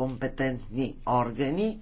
компетентни органи